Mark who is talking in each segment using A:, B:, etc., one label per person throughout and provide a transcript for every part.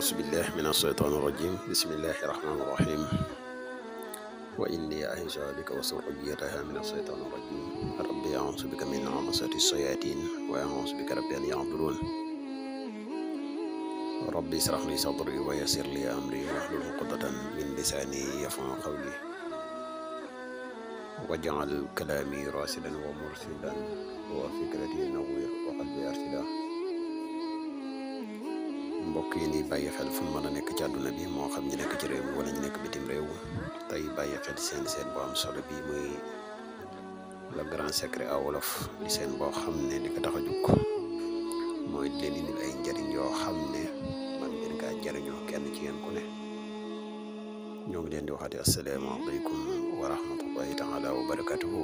A: أعوذ بالله من الشيطان الرجيم بسم الله الرحمن الرحيم وإني أعوذ بك وسرعيتها من الشيطان الرجيم ربي أعوذ بك من عمسة الشياطين وأعوذ بك ربي أن يعبدون ربي اشرح لي صدري ويسر لي أمري واحلل عقدة من لساني يفهم قولي واجعل كلامي راسلا ومرسلا وفكرتي نوير وقلبي أرسلا mbokk yi ni baye xel fu mëna nek ci aduna bi mo xam ñu nek ci réew wala ñu nek bitim réew tay baye xel seen seen bo am solo bi muy le grand secret a wolof di seen bo xam ne li ko taxaju ko moy mooy leen indil ay njëriñ yo xam ne man ngeen kaa jëriñoo kenn ci yeen ku ne ñoo ngi leen di assalamu alaykum wa rahmatullahi taala wa barakatuhu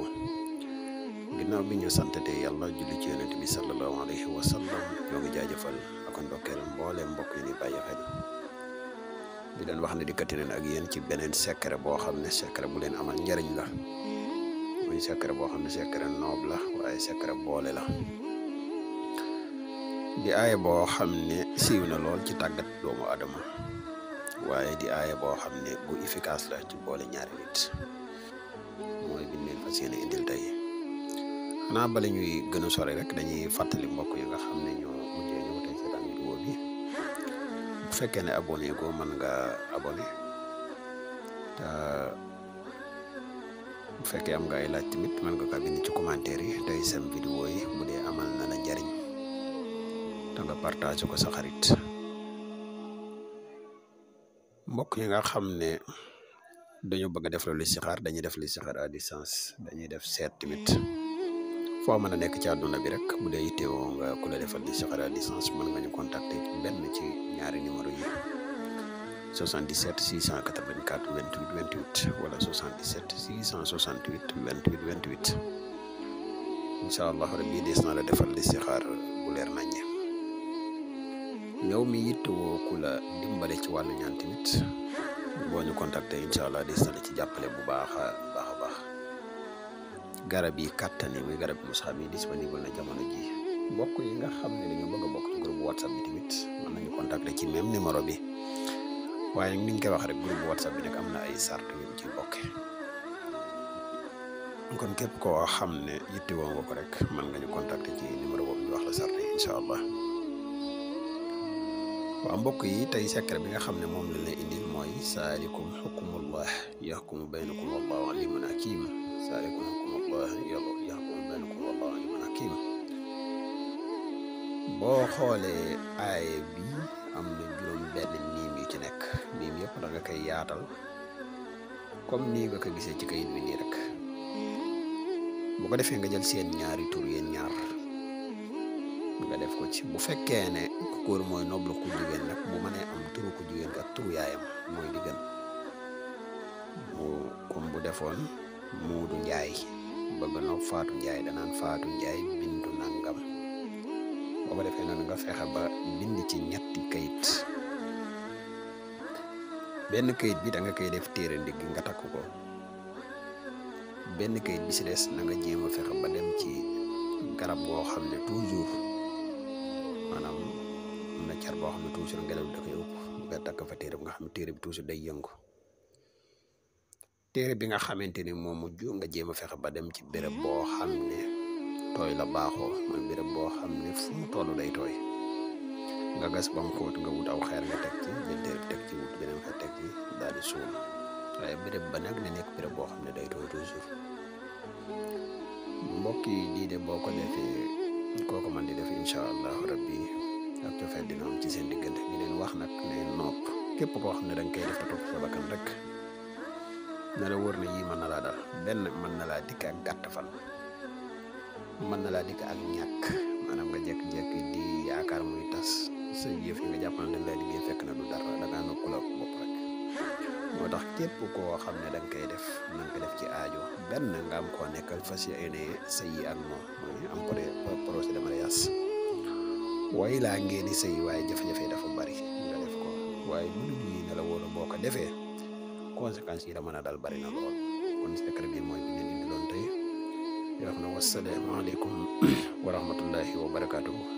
A: ginnaaw bi ñu santete yalla julli ci yonent bi sallallahu alayhi wa sallam ñoo ngi jaajeufal ko ndokkeel mbolé mbokk yi ni baye xel di len wax ne dikkati nañ ak yeen ci benen secret bo xamné secret bu len amal ñariñ la muy secret bo xamné secret noble la waye secret bolé la di ay bo xamné ne siiw na lol ci tagat doomu adama waye di ay bo xamné bu efficace la ci bolé ñaari nit moy bi leen fas yéene indil tay xanaa bala ñuy gëna sori rek dañuy fatali mbokk yi nga xamné ñoo mujjé fekkee ne abonné goo man nga abonné ta bu fekke am nga ay laaj timit man nga ka bind ci commentaire yi day sam vidéo yi bu dé amal na la njariñ ta nga partage ko sa xarit mbokk yi nga xamné ne dañu bëgg a def loolu listixaar dañu def listixaar à distance dañu def seet timit fo mëna nek ci aduna bi rek bu yité wo nga ku la defal à distance nga ñu contacter benn ci ñaari numéro yi 77 684 28 28 wala 77 668 28 28 incha allah rabbi des na la defal li si xaar bu leer naññe yow mi yittewoo ku la dimbale ci wàllu ñaan tamit boo ñu contacté incha allah des na la ci jàppale bu baax a baax a baax garab yi kàttan yi garab musaab disponible na jamono ji mbokk yi nga xam ne bëgg a ci groupe whatsapp bi tamit contacté ci même numéro bi waye ni ñu wax rek groupe whatsapp bi nag amna ay sart yu ci bokké kon képp ko xamné yitté yittewoo nga ko rek man nga ñu contacter ci numéro boobu wax la sart inshallah wa allah mbokk yi tay secret bi nga xamné mom la lay indi moy salikum hukmullah yahkum bainakum wallahu alimun hakim salikum hukmullah yahkum bainakum wallahu alimun hakim boo xoolee aay bi am na juróom benn niim ci nekk niim yëpp da nga koy yaatal comme nii nga ko gisee ci kayit bi nii rek bu ko defee nga jël seen ñaari tur yéen ñaar nga def ko ci bu fekkee ne ku góor mooy noblu ku jigéen nag bu mënee am turu ku jigéen ak turu yaayam mooy di gën mu bu defoon Moodu Njaay bëgg na Faatu Njaay danaan Faatu Njaay bu ko defee noonu nga fexe ba bind ci ñetti kayit benn kayit bi danga nga koy def téere ndigg nga takk ko benn kayit bi si des na nga jéem a fexe ba dem ci garab boo xam ne toujours maanaam am na car boo xam ne toujours nga takk fa téere bi nga xam téere bi toujours day yëngu téere bi nga xamante ni moo mujj nga jéem a fexe ba dem ci béréb boo xam ne. tooy la baaxoo mooy béréb boo xam ne fu mu day tooy nga gas ba mu xóot nga wut aw xeer nga teg ci jël déer teg ci wut beneen xeer teg ci daal di waaye béréb ba nag ne nekk béréb boo xam ne day tooy toujours mbokk yi lii de boo ko defee kooku man di def incha allahu rabbi ak cofeel dina ci seen diggante di leen wax nag képp koo xam ne da koy def topp sa na la laa dal benn mën na laa dikk ak gàtt fan mën na laa dikk ak ñàkk maanaam nga jekk-jekk di yaakaar muy tas sa jëf yi nga jàpp na dañ laa liggéey fekk na du dara da ngaa nokkula bopp rek moo tax képp koo xam ne da nga koy def na nga ko def ci aajo benn nga am koo nekkal fas yéene sëy ak moom mooy am projet de mariage waaye laa ngeen di sëy waaye jafe-jafe dafa bari nga def ko waaye lu dul yi ne la wóolu boo ko defee conséquences yi la mën dal bari na lool kon secret bi mooy bi ngeen indi loon tey di wax ne wasalaamu aleykum wa rahmatullahi wa barakaatuhu